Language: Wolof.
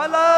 على